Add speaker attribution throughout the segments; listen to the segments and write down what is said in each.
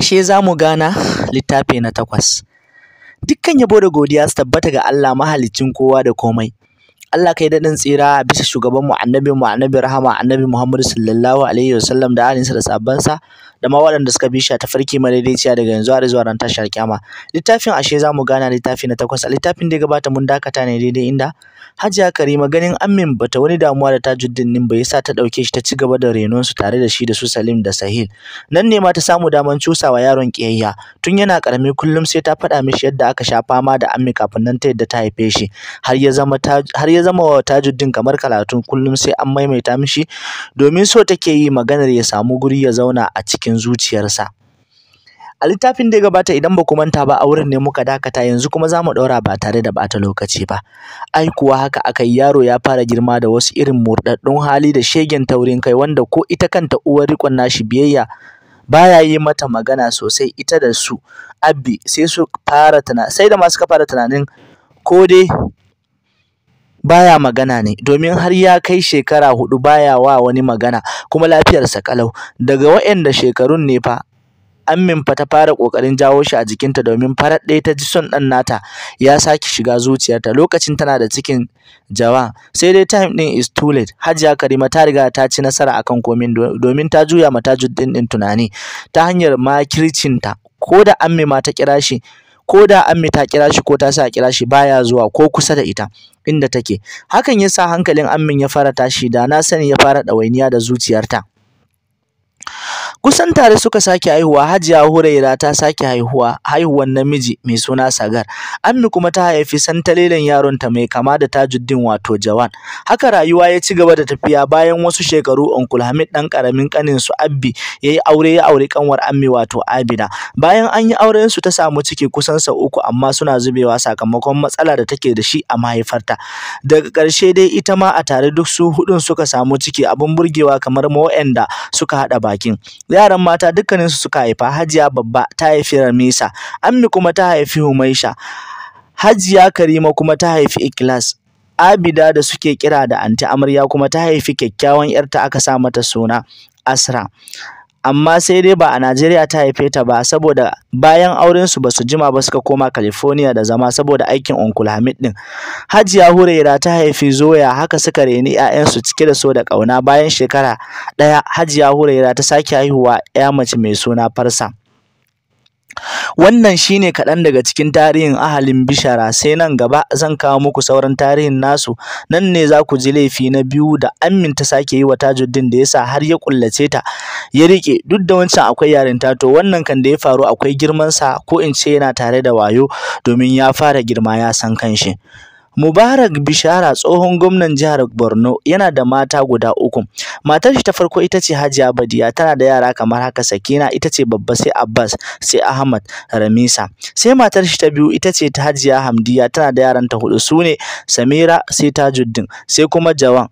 Speaker 1: ashe za mu gana littafi na takwas dukkan yabo da godiya su tabbata ga Allah mahaliccin kowa da komai Allah kai daɗin tsira bisa shugaban mu annabi mu annabi rahama annabi Muhammadu sallallahu alaihi wasallam da alinsa da sabbansa da ma waɗanda suka bi ta farki madaidaiciya daga yanzu har zuwa ran tashar kyama littafin ashe za mu gana littafi na takwas littafin da ya gabata mun dakata ne daidai inda Hajiya Karima ganin Amin bata wani damuwa da ta Tajuddin nin bai sa ta dauke shi ta ci gaba da renon su tare da shi da su Salim da Sahil nan ne ma ta samu daman cusawa yaron kiyayya tun yana karami kullum sai ta faɗa mishi yadda aka sha fama da Amin kafin nan ta yadda ta haife shi har ya zama har ya zama wa Tajuddin kamar karatun kullum sai an maimaita mishi domin so take yi maganar ya samu guri ya zauna a cikin zuciyarsa. A littafin da ya gabata idan ba ku manta ba a wurin ne muka dakata yanzu kuma za mu ɗaura ba tare da bata lokaci ba. Ai kuwa haka aka yi yaro ya fara girma da wasu irin murɗaɗɗun hali da shegen taurin kai wanda ko ita kanta uwar riƙon nashi biyayya baya yi mata magana sosai ita da su abbi sai su fara tana sai da ma suka fara tunanin ko dai baya magana ne domin har ya kai shekara hudu baya wa wani magana kuma lafiyarsa kalau daga waɗanda shekarun ne fa Ammin fa ta fara kokarin jawo shi a jikinta domin farar ɗaya ta ji son ɗan nata ya sake shiga zuciyarta lokacin tana da cikin jawa sai dai time ɗin is too late Hajiya Karima ta riga ta ci nasara akan komin domin ta juya mata juddin ɗin tunani ta hanyar makircinta ko da Ammi ma ta kira shi ko da Amme ta kira shi ko ta sa kira shi baya zuwa ko kusa da ita inda take hakan ya sa hankalin Ammin ya fara tashi da na sani ya fara ɗawainiya da zuciyarta Kusan tare suka sake haihuwa, Hajiya Huraira ta sake haihuwa, haihuwar namiji mai suna Sagar. Ammi kuma ta haifi santalelen ta mai kama da Tajuddin wato Jawan. Haka rayuwa ya ci gaba da tafiya bayan wasu shekaru Uncle Hamid dan karamin kanin su Abbi yayi aure ya aure kanwar Ammi wato Abida. Bayan an yi auren su ta samu ciki kusan sau uku amma suna zubewa sakamakon matsala da take da shi a mahaifarta. Daga ƙarshe dai ita ma a tare duk su hudun suka samu ciki abin burgewa kamar ma waɗanda suka haɗa bakin. yaran mata dukkaninsu suka haifa hajiya babba ta haifi ramisa ammi kuma ta haifi humaisha hajiya karima kuma ta haifi ikilas abida da suke kira da anti amarya kuma ta haifi kyakkyawan yarta aka sa mata suna asra amma sai dai ba a Najeriya ta haife ta ba saboda bayan auren su basu jima ba suka koma California da zama saboda aikin Uncle Hamid din. Hajiya Huraira ta haifi Zoya haka suka reni 'ya'yansu cike da so da ƙauna bayan shekara ɗaya Hajiya Huraira ta sake haihuwa ƴa mace mai suna Farsa. Wannan shi ne kaɗan daga cikin tarihin ahalin Bishara, sai nan gaba zan kawo muku sauran tarihin nasu, nan ne za ku ji laifi na biyu da aminta sake yi wa Tajuddin da ya sa har ya kullace ta, ya riƙe, duk da wancan akwai yarinta to wannan kan da ya faru akwai girmansa ko in ce yana tare da wayo domin ya fara girma ya san kanshi. Mubarak Bishara tsohon gwamnan jihar Borno yana da mata guda uku. Matar shi ta farko ita ce Hajiya Badiya tana da yara kamar haka Sakina ita ce babba sai Abbas sai Ahmad Ramisa. Sai matar shi ta biyu ita ce ta Hajiya Hamdiya tana da yaran ta hudu sune Samira sai Tajuddin sai kuma Jawan.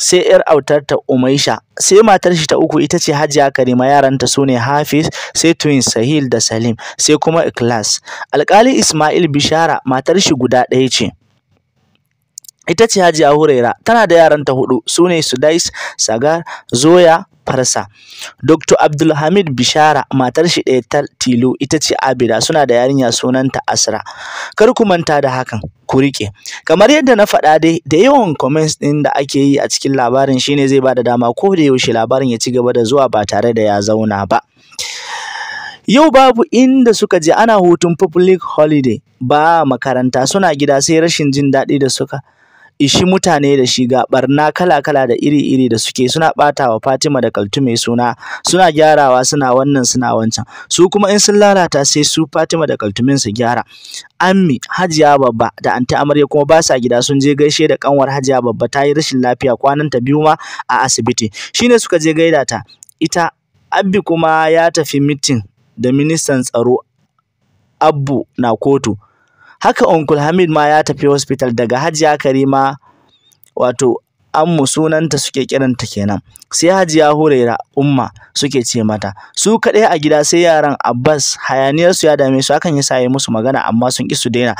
Speaker 1: sai 'yar autarta Umaisha sai matar shi ta uku ita ce Hajiya Karima yaranta sune Hafiz sai twin Sahil da Salim sai kuma Iklas. alƙali Ismail Bishara matar shi guda ɗaya ce ita ce Hajiya Huraira tana da yaranta hudu sune Sudais Sagar Zoya Farsa Dr. Abdulhamid Bishara matar shi ɗaya ta tilo ita ce Abida suna da yarinya sunanta Asra kar ku manta da hakan ku rike kamar yadda na faɗa dai da yawan comments ɗin da ake yi a cikin labarin shine zai bada dama ko da yaushe labarin ya ci gaba da zuwa ba tare da ya zauna ba Yau babu inda suka je ana hutun public holiday ba makaranta suna gida sai rashin jin daɗi da suka ishi mutane da shi ga barna kala-kala da iri-iri da suke suna wa Fatima da Kaltume suna suna gyarawa suna wannan suna wancan su kuma in sun lalata sai su Fatima da kaltuminsu su gyara Ammi Hajiya Babba da Anti Amarya kuma ba sa gida sun je gaishe da kanwar Hajiya Babba ta yi rashin lafiya kwanan ta biyu ma a asibiti shine suka je gaida ta ita Abbi kuma ya tafi mitin da ministan tsaro Abbu na kotu haka uncle Hamid ma ya tafi hospital daga Hajiya Karima wato ammu sunanta suke kiranta kenan sai Hajiya Huraira umma suke ce mata su kaɗai a gida sai yaran Abbas hayaniyar su ya dame su hakan yasa yayi musu magana amma sun ki su daina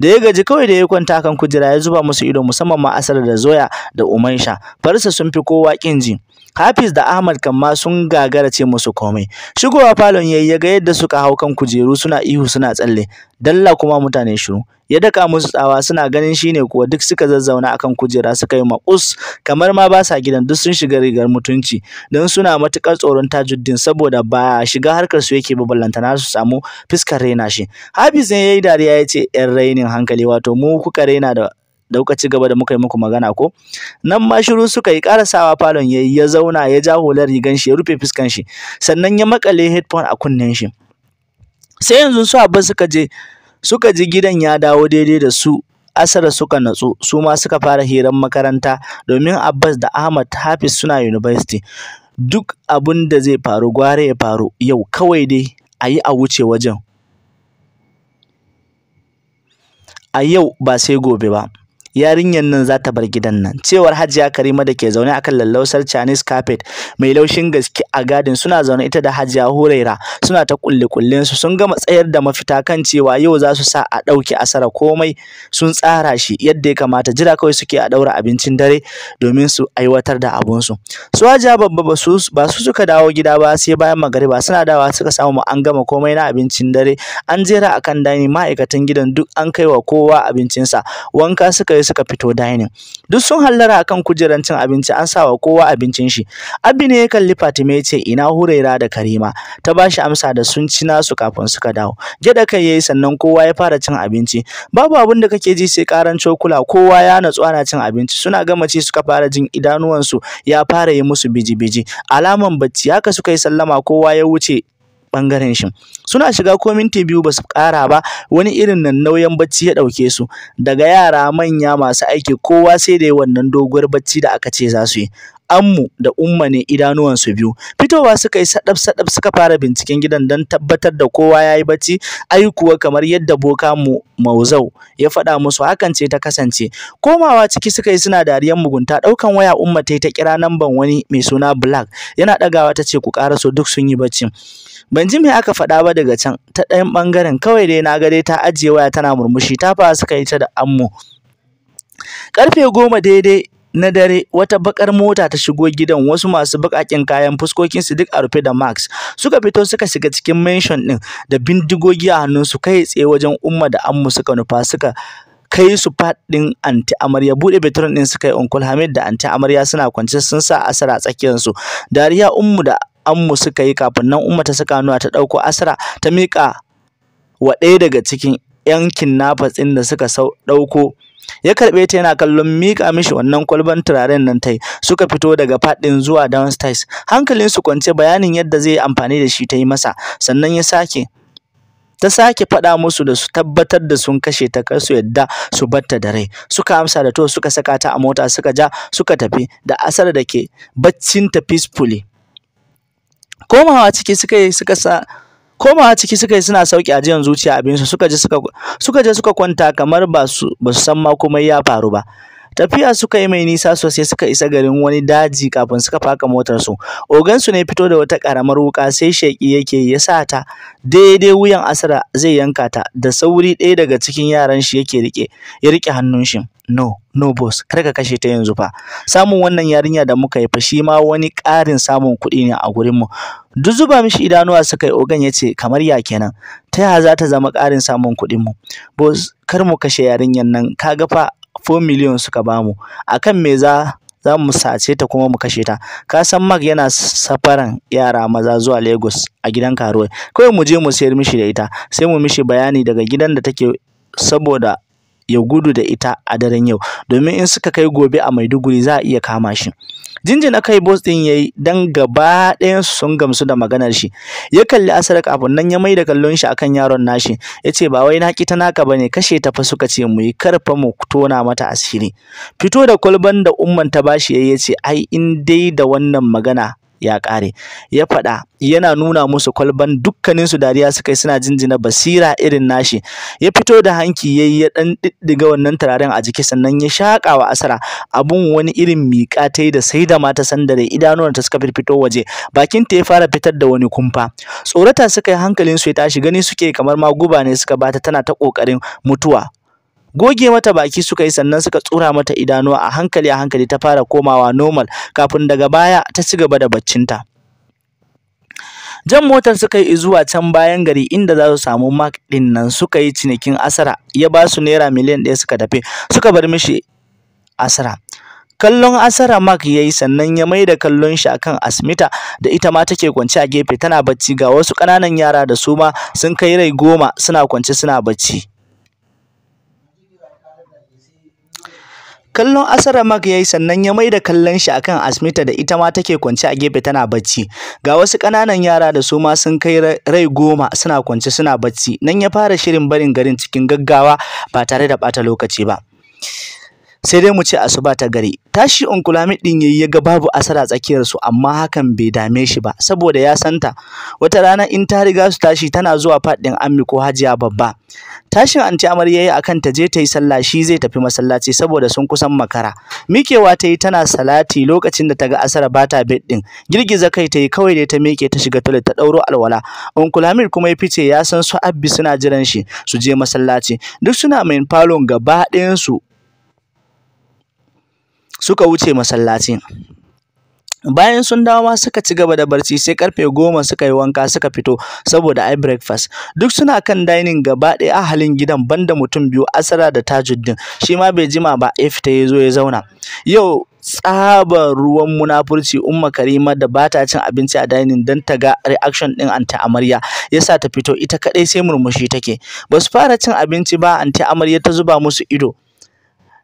Speaker 1: da ya gaji kawai da ya kwanta kan kujera ya zuba musu ido musamman ma Asar da Zoya da Umaisha farsa sun fi kowa kin ji Hafiz da Ahmad kan ma sun gagara ce musu komai. Shigowa falon yayi ya ga yadda suka hau kan kujeru suna ihu suna tsalle. Dalla kuma mutane shiru. Ya daka musu tsawa suna ganin shine kuwa duk suka zazzauna akan kujera suka yi maƙus kamar ma ba sa gidan duk sun shiga rigar mutunci don suna matukar tsoron tajuddin saboda ba shiga harkar su yake ballantana su samu fiskar raina shi. Hafiz ne yayi dariya yace ce ‘yan rainin hankali wato mu kuka raina da da ci gaba da muka yi muku magana ko nan ma shiru suka yi karasawa falon ya ya zauna ya ja hular rigan shi ya rufe fuskan shi sannan ya makale headphone a kunnen shi sai yanzu su abba suka je suka ji gidan ya dawo daidai da su Asara suka natsu su ma suka fara hirar makaranta domin Abbas da Ahmad Hafiz suna university duk abun da zai faru gware ya faru yau kawai dai a yi a wuce wajen a yau ba sai gobe ba yarinyar nan za ta bar gidan nan cewar hajiya karima da ke zaune akan lallausar chinese carpet mai laushin gaske a gadin suna zaune ita da hajiya huraira suna ta kulle su sun gama tsayar da mafita kan cewa yau za su sa a ɗauki asara komai sun tsara shi yadda ya kamata jira kawai suke a ɗaura abincin dare domin su aiwatar da abunsu su hajiya babba ba su suka dawo gida ba sai bayan magariba suna dawa suka samu an gama komai na abincin dare an jera akan dani ma'aikatan gidan duk an kai wa kowa abincinsa wanka suka yi suka fito dining duk sun hallara akan kujeran cin abinci an sawa kowa abincin shi abi ne ya kalli Fatima ya ce ina Huraira da Karima ta ba shi amsa da sun ci nasu kafin suka dawo gida kai yayi sannan kowa ya fara cin abinci babu abin da kake ji sai karan cokula kowa ya natsu ana cin abinci suna gama ci suka fara jin idanuwansu ya fara yi musu biji-biji alaman bacci haka suka yi sallama kowa ya wuce ɓangaren shi suna shiga ko minti biyu ba su ƙara ba wani irin nan nauyin bacci ya ɗauke su daga yara manya masu aiki kowa sai da yi wannan doguwar bacci da aka ce za su yi ammu da umma ne idanuwansu biyu fitowa suka yi sadab sadab suka fara binciken gidan don tabbatar da kowa yayi bacci ai kuwa kamar yadda boka mu mauzau ya faɗa musu hakan ce ta kasance komawa ciki suka yi suna dariyan mugunta ɗaukan waya umma ta yi ta kira namban wani mai suna black yana ɗagawa ta ce ku ƙaraso duk sun yi bacci ban ji me aka faɗa ba daga can ta ɗayan ɓangaren kawai dai na ga dai ta ajiye waya tana murmushi ta fa suka yi ta da ammu Karfe goma daidai na dare wata bakar mota ta shigo gidan wasu masu bakakin kayan fuskokin su duk a rufe da max suka fito suka shiga cikin mansion din da bindigogi a hannun su kai tsaye wajen umma da ammu suka nufa suka kai su faɗin anti amarya buɗe betirin ɗin suka yi uncle hamid da anti amarya suna kwance sun sa asara a tsakiyarsu dariya ummu da ammu suka yi kafin nan umma ta saka hannuwa ta ɗauko asara ta miƙa wa ɗaya daga cikin yan nafas ɗin da suka ɗauko ya karɓe ta yana kallon miƙa mishi wannan kwalban turaren nan ta yi suka fito daga faɗin zuwa downstairs hankalin su kwance bayanin yadda zai amfani da shi ta yi masa sannan ya sake ta sake faɗa musu da su tabbatar da sun kashe ta kar su yadda su batta da rai suka amsa da to suka saka ta a mota suka ja suka tafi da asar da ke baccin ta peacefully komawa ciki suka suka sa komawa ciki suka yi suna sauki ajiyan zuciya abinsu suka ji suka je suka kwanta kamar ba su ba su san ma komai ya faru ba Tafiya suka yi mai nisa sosai suka isa garin wani daji kafin suka faka motarsu. Ogansu ne fito da wata karamar wuka sai sheki yake ya sa ta daidai wuyan asara zai yanka ta da sauri ɗaya daga cikin yaran shi yake rike ya riƙe hannun shi. No, no boss, kar ka kashe ta yanzu fa. Samun wannan yarinya da muka yi fa shi ma wani ƙarin samun kuɗi ne a gurinmu. Duk zuba mishi idanuwa suka yi ogan ya ce kamar ya kenan. Ta ya za ta zama ƙarin samun kuɗinmu? Boss, kar mu kashe yarinyar nan, ga fa 4 million suka bamu akan me za za mu sace ta kuma mu kashe ta ka san Mark yana safaran yara maza zuwa Lagos a gidan karuwai kawai mu je mu sayar mishi da ita sai mu mishi bayani daga gidan da take saboda ya gudu da ita a daren yau domin in suka kai gobe a Maiduguri za a iya kama shi jinjina kai boss din yayi dan gaba ɗayan sun gamsu da maganar shi ya kalli asarak kafin nan ya mai da kallon shi akan yaron nashi yace ba wai na ta naka bane kashe ta fa suka ce mu yi karfa mu tona mata asiri fito da kwalban da umman ta bashi yayi yace ai in dai da wannan magana ya ƙare ya faɗa yana nuna musu kwalban dukkaninsu dariya suka yi suna jinjina basira irin nashi ya fito da hanki yayi ya dan diddiga wannan turaren a jiki sannan ya shaƙa wa asara abun wani irin miƙa ta yi da sai da mata sandare idanuwan ta suka fito waje bakin ta ya fara fitar da wani kumfa tsorata suka yi hankalin su ya tashi gani suke kamar ma guba ne suka bata tana ta ƙoƙarin mutuwa goge mata baki suka yi sannan suka tsura mata idanu a hankali a hankali ta fara komawa normal kafin daga baya ta ci gaba da baccinta jan motar suka yi zuwa can bayan gari inda za su samu mark din nan suka yi cinikin asara ya ba su naira miliyan ɗaya suka tafi suka bar mishi asara kallon asara mark ya yi sannan ya maida kallon shi akan asmita da ita ma take kwance a gefe tana bacci ga wasu ƙananan yara da su ma sun kai rai goma suna kwance suna bacci kallon asara mak yayi sannan ya maida kallon shi akan asmita da ita ma take kwance a gefe tana bacci ga wasu ƙananan yara da su ma sun kai rai goma suna kwance suna bacci nan ya fara shirin barin garin cikin gaggawa ba tare da ɓata lokaci ba sai dai mu ce asuba ta gari tashi unkulami din yayi ya ga babu asara tsakiyar su amma hakan bai dame shi ba saboda ya santa wata rana in ta riga su tashi tana zuwa faɗin ammi ko hajiya babba tashin anti amar yayi akan ta je ta yi sallah shi zai tafi masallaci saboda sun kusan makara mikewa ta yi tana salati lokacin da ta ga asara ba ta bed din girgiza kai ta yi kawai dai ta mike ta shiga toilet ta ɗauro alwala unkulamir kuma ya fice ya san su abbi suna jiran shi su je masallaci duk suna main falon gaba ɗayan su suka wuce masallaci. bayan sun dawo ma suka ci gaba da barci sai karfe goma suka yi wanka suka fito saboda i breakfast duk suna kan dining gaba ɗaya halin gidan banda mutum biyu asara da tajuddin shi ma bai jima ba ya fita ya zo ya zauna yau tsabar ruwan munafurci umma karima da bata cin abinci a dining don ta ga reaction din anti amarya yasa ta fito ita kadai sai murmushi take ba su fara cin abinci ba anti amarya ta zuba musu ido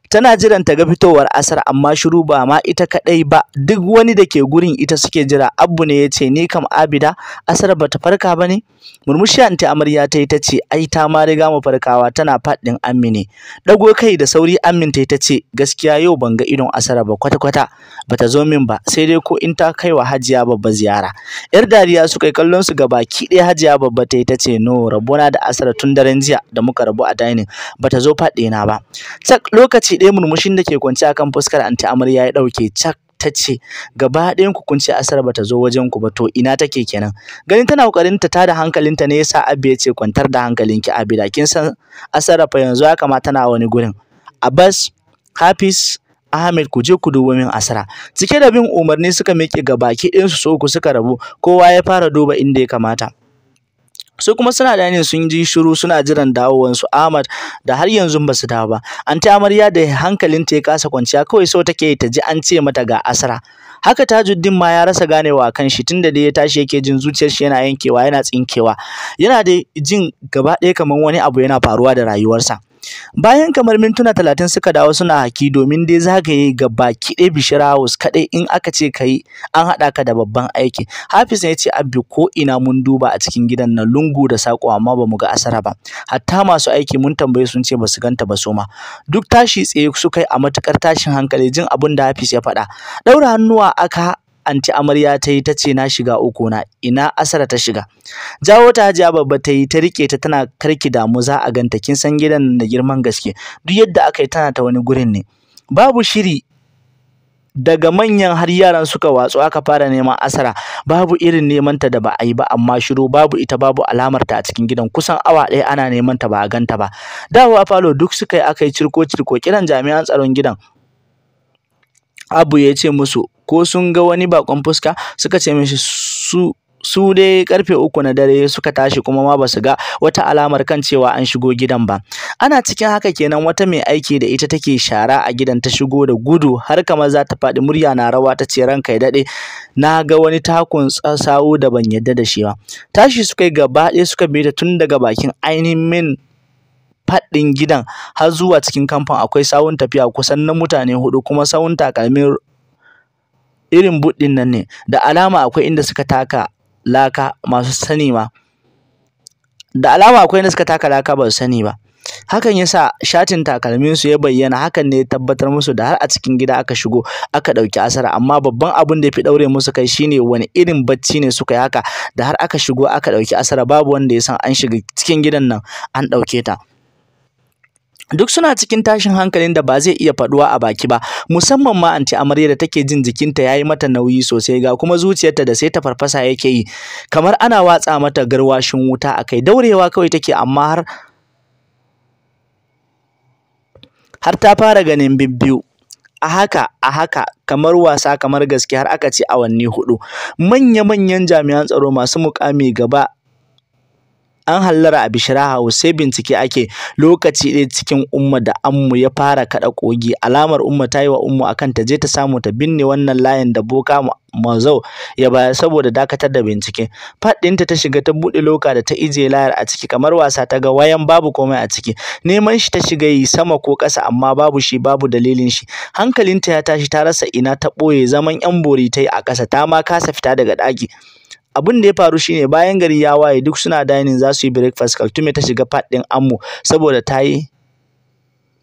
Speaker 1: tana jiran ta ga fitowar asar amma shiru ba ma ita kadai ba duk wani da ke gurin ita suke jira abu ne ya ce ni kam abida asar ba ta farka ba ne murmushi anti amarya ta yi ta ce ai ta ma riga mu farkawa tana faɗin Amini. dago kai da sauri amin ta yi ta ce gaskiya yau ban ga idon asar ba kwata kwata ba ta zo min ba sai dai ko in ta kai wa hajiya babba ziyara yar dariya su kai kallon su ga baki ɗaya hajiya babba ta yi ta ce no rabona da asar tun daren jiya da muka rabu a dining ta zo faɗina ba cak lokaci ce ɗaya murmushin da ke kwance akan fuskar anti amarya ya ɗauke cak ta ce gaba ɗayan ku kun ce asar bata zo wajen ku ba to ina take kenan ganin tana kokarin ta tada hankalinta ne yasa abba ya ce kwantar da hankalinki da kin san asar fa yanzu ya kamata tana wani gurin abbas hafiz Ahmed ku je ku dubo min asara cike da bin umarni suka miƙe baki, ɗayansu su so ku suka rabu kowa ya fara duba inda ya kamata su kuma suna da sun ji shiru suna jiran dawowansu Ahmad da har yanzu ba su dawo ba anti amarya da hankalinta ya kasa kwanciya kawai so take ta ji an ce mata ga asara haka tajuddin ma ya rasa ganewa kan shi tunda dai ya tashi yake jin zuciyar shi yana yankewa yana tsinkewa yana da jin gaba ɗaya kamar wani abu yana faruwa da rayuwarsa bayan kamar mintuna talatin suka dawo suna haki domin dai zagaye ga baki ɗaya bishir Wasu kaɗai in aka ce ka yi an haɗa ka da babban aiki hafiz ya ce abbi ko ina mun duba a cikin gidan nan lungu da saƙo amma ba mu ga asara ba hatta masu aiki mun tambaye sun ce ba su ganta ba soma duk tashi tsaye su kai a matuƙar tashin hankali jin abin da hafiz ya faɗa ɗaura hannuwa aka anti amarya ta yi ta ce na shiga uku na ina asara ta shiga jawo ta hajiya babba ta yi ta rike ta tana karki damu za a ganta kin san gidan da girman gaske duk yadda aka yi tana ta wani gurin ne babu shiri daga manyan har yaran suka watsu aka fara neman asara babu irin neman ta da ba a yi ba amma shiru babu ita babu alamar ta a cikin gidan kusan awa ɗaya ana neman ta ba a ganta ba a falo duk suka yi aka yi cirko cirko kiran jami'an tsaron gidan Abu ya ce musu ko sun ga wani bakon fuska suka ce mishi su su dai karfe uku na dare suka tashi kuma ma basu ga wata alamar kan cewa an shigo gidan ba ana cikin haka kenan wata mai aiki da ita take shara a gidan ta shigo da gudu har kamar za ta faɗi murya na rawa ta ce ranka ya daɗe na ga wani takun tsasawo da ban yadda da shi ba tashi suka yi gaba ɗaya suka bi ta tun daga bakin ainihin faɗin gidan har zuwa cikin kamfan akwai sawun tafiya kusan na mutane hudu kuma sawun takalmin irin buɗin nan ne da alama akwai inda suka taka laka masu sani ma da alama akwai inda suka taka laka ba su sani ba hakan yasa shatin takalmin su ya bayyana hakan ne ya tabbatar musu da har a cikin gida aka shigo aka ɗauki asara amma babban abin da ya fi ɗaure musu kai shine wani irin bacci ne suka yi haka da har aka shigo aka ɗauki asara babu wanda ya san an shiga cikin gidan nan an ɗauke ta duk suna cikin tashin hankalin da ba zai iya faduwa a baki ba musamman ma anti amarya da take jin jikinta yayi mata nauyi sosai ga kuma zuciyarta da sai ta farfasa yake yi kamar ana watsa mata garwashin wuta akai daurewa kawai take amma har har ta fara ganin bibbiyu a haka a haka kamar wasa kamar gaske har aka ce awanni hudu manya-manyan jami'an tsaro masu mukami gaba an hallara a bishira hausai bincike ake lokaci ɗaya cikin umma da ammu ya fara kaɗa kogi alamar umma ta yi wa umma akan ta je ta samu ta binne wannan layin da boka mazau ya baya saboda dakatar da bincike faɗinta ta shiga ta buɗe loka da ta ije layar a ciki kamar wasa ta ga wayan babu komai a ciki neman shi ta shiga yi sama ko ƙasa amma babu shi babu dalilin shi hankalinta ya tashi ta rasa ina ta ɓoye zaman yan bori ta yi a ƙasa ta ma kasa fita daga ɗaki abin da ya faru shine bayan gari ya waye duk suna dining za su yi breakfast Kaltume ta shiga faɗin ammo Ammu saboda ta yi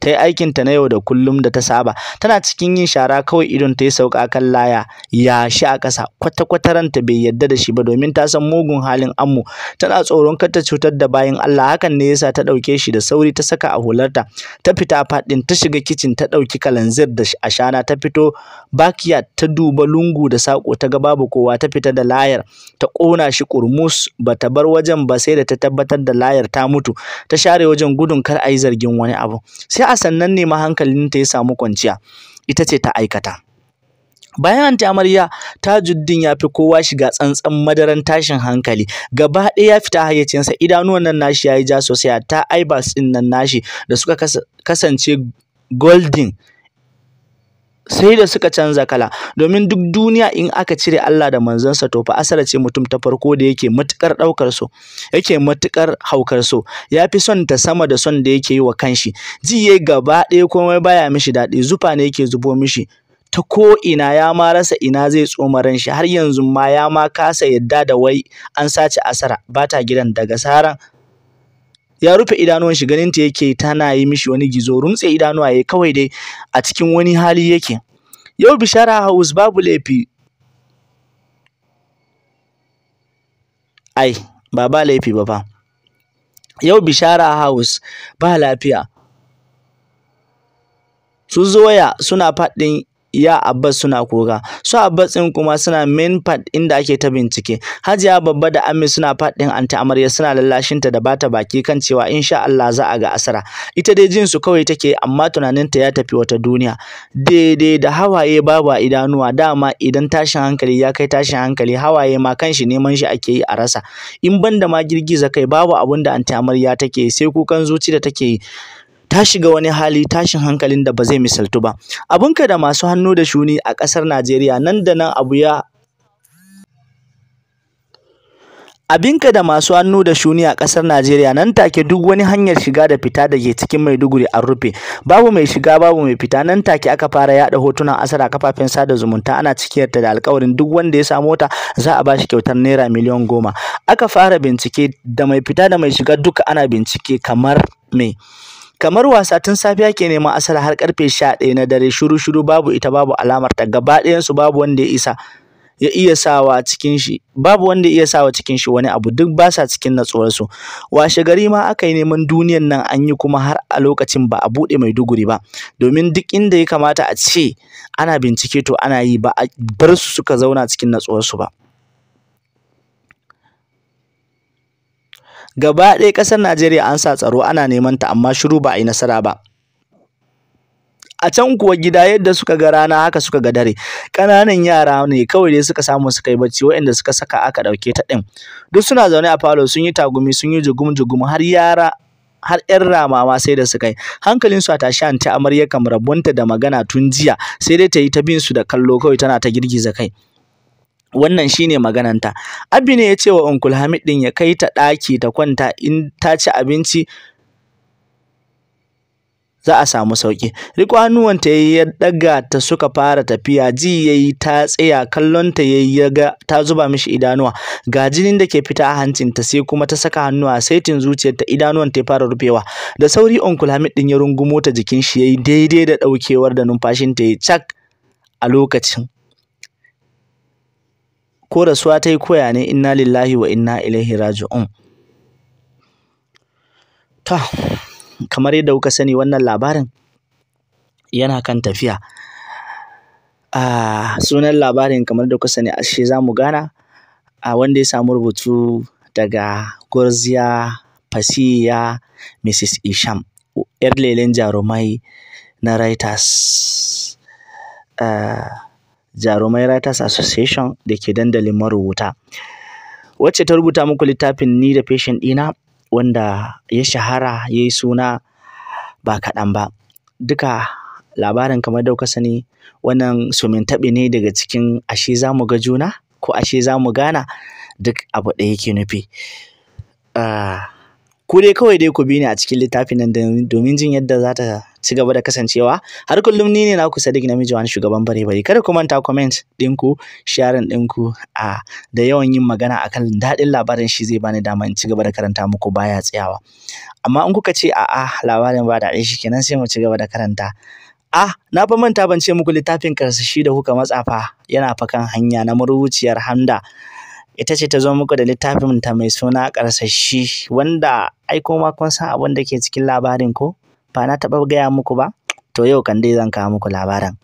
Speaker 1: ta yi aikinta na yau da kullum da ta saba tana cikin yin shara kawai idon ta yi sauka kan laya ya shi a ƙasa kwata kwata ranta bai yarda da shi ba domin ta san mugun halin ammu tana tsoron kar ta cutar da bayan Allah hakan ne yasa ta ɗauke shi da sauri ta saka a hularta ta fita faɗin ta shiga kicin ta ɗauki kalanzir da ashana ta fito bakiya ta duba lungu da sako ta ga babu kowa ta fita da layar ta ƙona shi kurmus ta bar wajen ba sai da ta tabbatar da layar ta mutu ta share wajen gudun kar a yi zargin wani abu sai a sannan ne ma ta ya samu kwanciya ita ce ta aikata bayan anti amarya tajuddin ya fi kowa shiga tsantsan madaran tashin hankali gaba ɗaya ya fita hayyacinsa idanuwan nan nashi ya yi ja sosai ta eyeballs ɗin nan nashi da suka kasance golden sai da suka canza kala domin duk duniya in aka cire Allah da manzansa to fa asara ce mutum ta farko da yake matukar daukar so yake matukar haukar so yafi son ta sama da son da yake yi wa kanshi ji yayi gaba ɗaya komai baya mishi daɗi zufa ne yake zubo mishi ta ko ina ya ma rasa ina zai tsoma ran shi har yanzu ma ya ma kasa yadda da wai an sace asara bata gidan daga saran ya rufe idanuwan shi ganin ta yake tana yi mishi wani gizo runtse idanuwa yayi kawai dai a cikin wani hali yake yau bishara house babu laifi ai ba ba laifi yau bishara house ba lafiya su zoya suna faɗin ya Abbas suna koga. su Abbas ɗin kuma suna main part inda ake ta bincike Hajiya babba da Ami suna part din anti amarya suna lallashin da bata baki kan cewa insha Allah za a ga asara ita dai jin su kawai take amma tunaninta ya tafi wata duniya daidai da hawaye babu a idanuwa dama idan tashin hankali ya kai tashin hankali hawaye ma kanshi neman shi ake yi a rasa in banda ma girgiza kai babu abin da anti amarya take sai kukan zuci da take yi ta shiga wani hali tashin hankalin da ba zai misaltu ba abunka da masu hannu da shuni a ƙasar Najeriya nan da nan abu ya abinka da masu hannu da shuni a ƙasar Najeriya nan take duk wani hanyar shiga da fita da ke cikin Maiduguri an rufe babu mai shiga babu mai fita nan take aka fara yada hotunan asara kafafen sada zumunta ana cikiyarta da alƙawarin duk wanda ya samu mota za a bashi kyautar naira miliyan goma aka fara bincike da mai fita da mai shiga duka ana bincike kamar me kamar wasa tun safiya ke neman asala har karfe ɗaya na dare shuru shuru babu ita babu alamar ta gaba ɗayan su babu wanda ya isa ya iya sawa cikin shi babu wanda ya iya sawa cikin shi wani abu duk ba sa cikin natsuwar su washe gari ma aka yi neman duniyan nan an yi kuma har a lokacin ba a buɗe mai duguri ba domin duk inda ya kamata a ce ana bincike to ana yi ba a bar su suka zauna cikin natsuwar su ba gaba ɗaya ƙasar Najeriya an sa tsaro ana neman ta amma shiru ba a yi nasara ba a can kuwa gida yadda suka ga rana haka suka ga dare ƙananan yara ne kawai dai suka samu suka yi bacci waɗanda suka saka aka ɗauke ta ɗin duk suna zaune a falo sun yi tagumi sun yi jugum jugum har yara har ramama sai da suka yi hankalinsu a tashi an ta amarya kamar da magana tun jiya sai dai ta yi ta bin su da kallo kawai tana ta girgiza kai wannan shine magananta abi ne ya ce wa uncle hamid din ya kai ta ɗaki ta kwanta in ta ci abinci za a samu sauki riko hannuwanta yayi ya daga ta suka fara tafiya ji yayi ta tsaya kallon ta yayi ya ga ta zuba mishi idanuwa ga jinin da ke fita a hancin ta sai kuma ta saka hannuwa saitin ta idanuwan ta fara rufewa da sauri uncle hamid din ya rungumo ta jikin shi yayi daidai da daukewar da numfashin ta yayi cak a lokacin ko rasuwa ta yi koya ne inna lillahi wa inna ilaihi raji'un ta kamar yadda kuka sani wannan labarin yana kan tafiya a sunan labarin kamar da kuka sani ashe za mu gana a wanda ya samu rubutu daga gurziya fasiya mrs isham yar lelen jarumai na writers Jarumai Writers Association da ke dandalin marubuta. Wacce ta rubuta muku littafin ni da feshin ɗina wanda ya shahara ya yi suna ba kaɗan ba. Duka labarin kamar dauka sani wannan taɓi ne daga cikin ashe za mu ga juna ko ashe za mu gana duk abu ɗaya yake nufi. Ah, ku dai kawai dai ku bi ni a cikin littafin nan domin jin yadda za ta ci gaba da kasancewa har kullum ni ne naku Sadiq namiji wani shugaban bare bare kada ku manta comment ɗinku sharing ɗinku a da yawan yin magana akan daɗin labarin shi zai bani dama in ci gaba da karanta muku baya tsayawa amma in kuka ce a'a labarin ba daɗin shi kenan sai mu ci gaba da karanta Ah, na fa manta ban ce muku littafin karsashi da kuka matsa fa yana fa kan hanya na marubuciyar handa, Ita ce ta zo muku da littafin ta mai suna karsashi wanda ai kuma kun san abin da ke cikin labarin ko? ba na taɓa gaya muku ba to yau kan dai zan kawo muku labarin